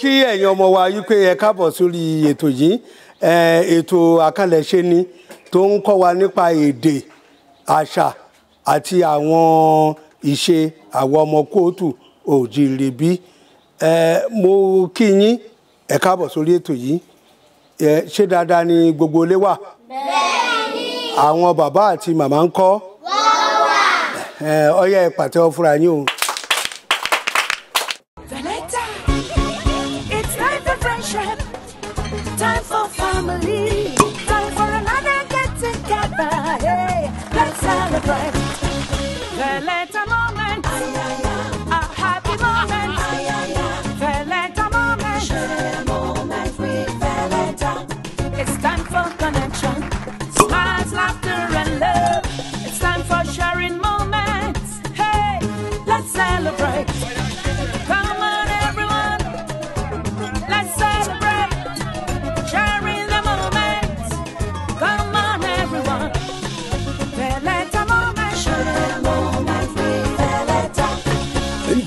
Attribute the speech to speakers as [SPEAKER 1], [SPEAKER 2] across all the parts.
[SPEAKER 1] kí ẹ̀yin ọmọ wa yí pé ẹ káàbọ̀ sórí ètò yìí ètò àkànlẹ̀ṣe ni tó ń kọ́ wa nípa èdè àṣà àti àwọn ìṣe àwọn ọmọ kóòtù òjìrìbí mo kí yín ẹ káàbọ̀ sórí ètò yìí ṣé dáadáa ni gbogbo ilé wà. àwọn bàbá àti màmá ń kọ́. wọ́n wà. ọyá yín o.
[SPEAKER 2] right.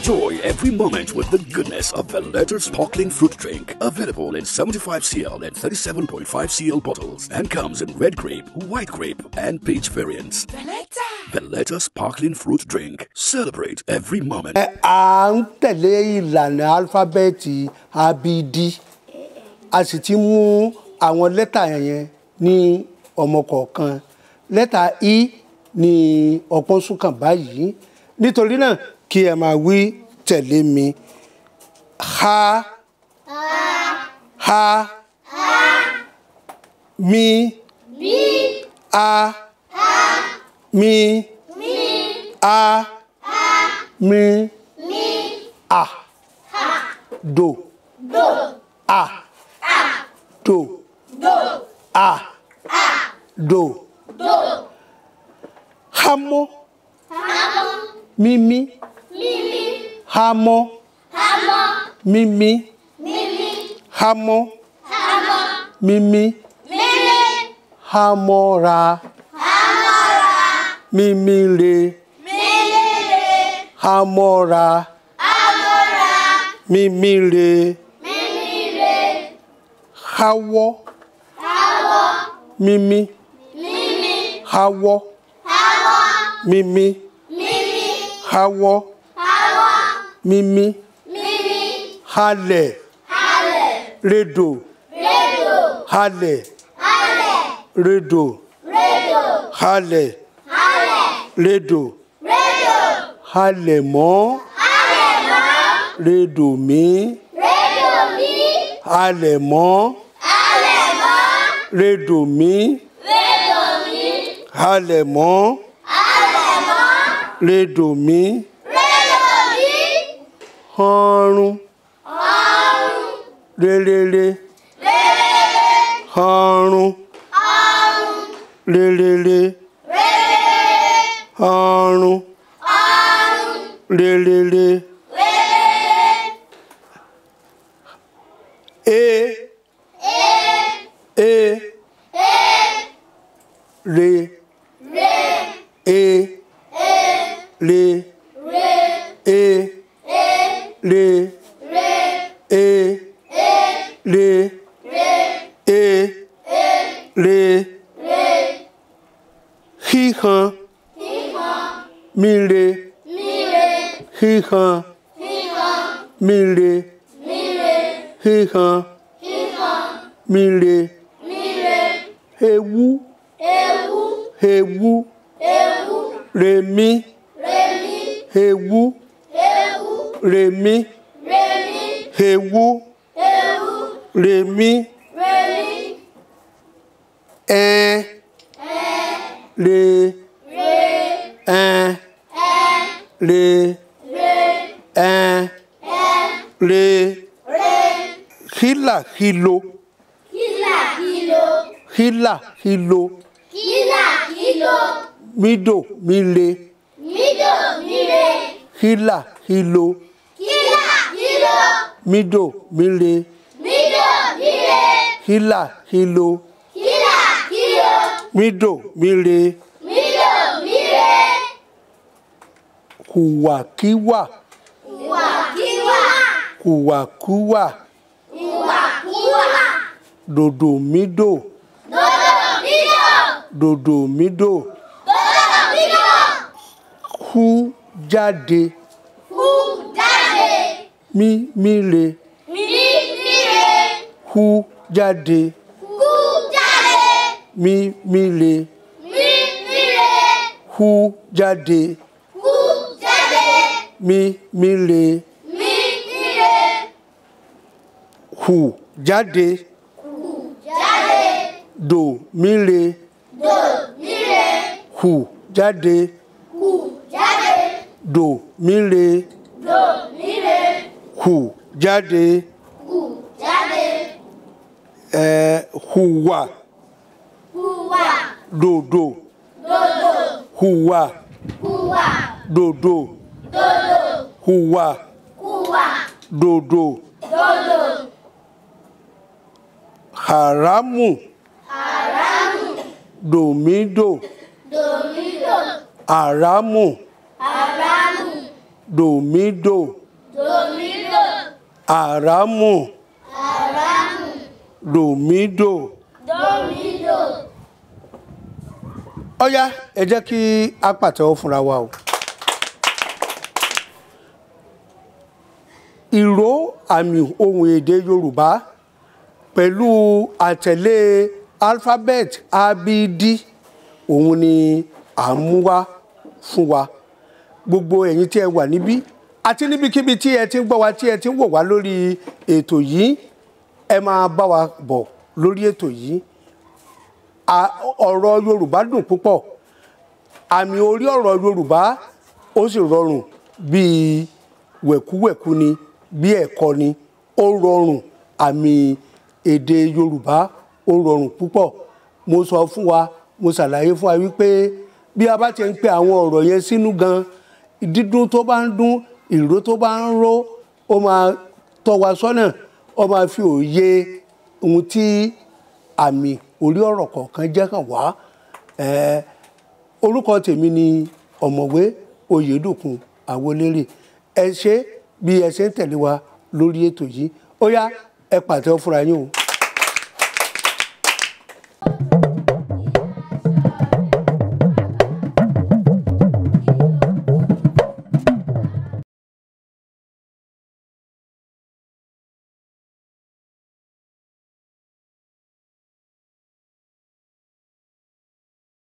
[SPEAKER 2] Enjoy every moment with the goodness of Vellator Sparkling Fruit Drink. Available in 75cl and 37.5cl bottles and comes in red grape, white grape, and peach variants. Vellator! Vellator Sparkling Fruit Drink. Celebrate every moment.
[SPEAKER 1] À ń tẹ̀lé ìlànà álífábẹ́ẹ̀tì ABD. A sì ti mú àwọn lẹ́tà yẹn ní ọmọ kọ̀ọ̀kan. Lẹ́tà E ni ọ̀pọ̀ sùn kàn báyìí. Nítorí náà kí ẹ máa wí tẹ̀lé mi ha ha mi a mi a mi a do a do a do do, hamo mimi mimi Hamọ́. Hamọ́. Mímí. Mímí. Hamọ́. Hamọ́. Mímí. Mímí. Hamọ́ra. Hamọ́ra. Mímíre.
[SPEAKER 2] Mímíre.
[SPEAKER 1] Hamọ́ra. Hamọ́ra. Mímíre.
[SPEAKER 2] Mímíre. Hawọ́. Hawọ́.
[SPEAKER 1] Mímí. Mímí. Hawọ́. Hawọ́. Mímí. Mímí. Hawọ́ mímí mímí halẹ̀ halẹ̀ redò
[SPEAKER 2] redò halẹ̀
[SPEAKER 1] halẹ̀ redò
[SPEAKER 2] redò halẹ̀ halẹ̀ redò redò
[SPEAKER 1] halẹ̀ mọ́
[SPEAKER 2] halẹ̀ mọ́
[SPEAKER 1] redò mí halẹ̀ mọ́
[SPEAKER 2] halẹ̀ mí
[SPEAKER 1] redò mí halẹ̀ mọ́
[SPEAKER 2] halẹ̀ mọ́
[SPEAKER 1] redò mí. ọrùn rerere ọrùn rerere ọrùn rerere e e le, re e le. híhan mire híhan mire híhan mire ewu ewu rèmí ewu rèmí ewu rèmí. ré ẹn ré ẹn ré hílà hílo
[SPEAKER 2] hílà hílo
[SPEAKER 1] hílà hílo
[SPEAKER 2] hílà hílo
[SPEAKER 1] mídò míle
[SPEAKER 2] mídò míle
[SPEAKER 1] hílà hílo
[SPEAKER 2] hílà hílo
[SPEAKER 1] mídò míle
[SPEAKER 2] mídò míle
[SPEAKER 1] hílà hílo mido mire. mido mire. kùwàkíwà.
[SPEAKER 2] kùwàkíwà.
[SPEAKER 1] kùwàkúwà.
[SPEAKER 2] kùwàkúwà.
[SPEAKER 1] dòdò mido.
[SPEAKER 2] Dodo, mido.
[SPEAKER 1] dòdò mido.
[SPEAKER 2] dòdò mido.
[SPEAKER 1] kú jáde.
[SPEAKER 2] kú jáde.
[SPEAKER 1] mí mire.
[SPEAKER 2] mí mire.
[SPEAKER 1] kú jáde mí míre.
[SPEAKER 2] Mi míre.
[SPEAKER 1] hu jade.
[SPEAKER 2] hu jáde.
[SPEAKER 1] mí míre.
[SPEAKER 2] Mi míre.
[SPEAKER 1] hu jade. hu jáde. dò míre.
[SPEAKER 2] dò míre.
[SPEAKER 1] hu jade.
[SPEAKER 2] hu jáde.
[SPEAKER 1] dò míre.
[SPEAKER 2] dò míre.
[SPEAKER 1] hu jade.
[SPEAKER 2] hu jáde.
[SPEAKER 1] ẹ hùwà. Dodo, dòdò hùwà huwa, dodo,
[SPEAKER 2] dòdò hùwà hùwà dòdò dòdò
[SPEAKER 1] haramu haramu domido,
[SPEAKER 2] domido,
[SPEAKER 1] haramu
[SPEAKER 2] haramu
[SPEAKER 1] domido,
[SPEAKER 2] domido,
[SPEAKER 1] haramu
[SPEAKER 2] haramu
[SPEAKER 1] domido,
[SPEAKER 2] domido
[SPEAKER 1] ọ̀yá ẹ jẹ́ kí a pàtẹ́wọ́ fúnra wa o. ìró àmì ohùn èdè Yorùbá pẹ̀lú àtẹ̀lé alphabet abd òun ni à ń mú wá fún wa gbogbo ẹ̀yin tí ẹ wà níbí àti níbikíbi tí ẹ ti ń gbọ́ wa tí ẹ ti ń wò wá lórí ètò yìí ẹ máa bá wa bọ̀ lórí ètò yìí ọ̀rọ̀ Yorùbá dùn púpọ̀ àmì orí ọ̀rọ̀ Yorùbá ó sì rọrùn bíi wẹ̀kúwẹ̀kú ni bí ẹ̀kọ́ ni ó rọrùn àmì èdè Yorùbá ó rọrùn púpọ̀ mo sọ fún wa mo ṣàlàyé fún wa wípé bí a bá ti ń pe àwọn ọ̀rọ̀ yẹn sínú gan dídún tó bá ń dún ìró tó bá ń ró ó máa tọ́ wa sọ́nà ó máa fi òye ohun tí àmì orí ọ̀rọ̀ kọ̀ọ̀kan jẹ́ kàn wá orúkọ tèmi ni ọ̀mọ̀wé oyèdòkun àwọlérè ẹ ṣe bí ẹ ṣe ń tẹ̀lé wa lórí ètò yìí ó yá ẹ pàtẹ́wọ́ fúnra yín o.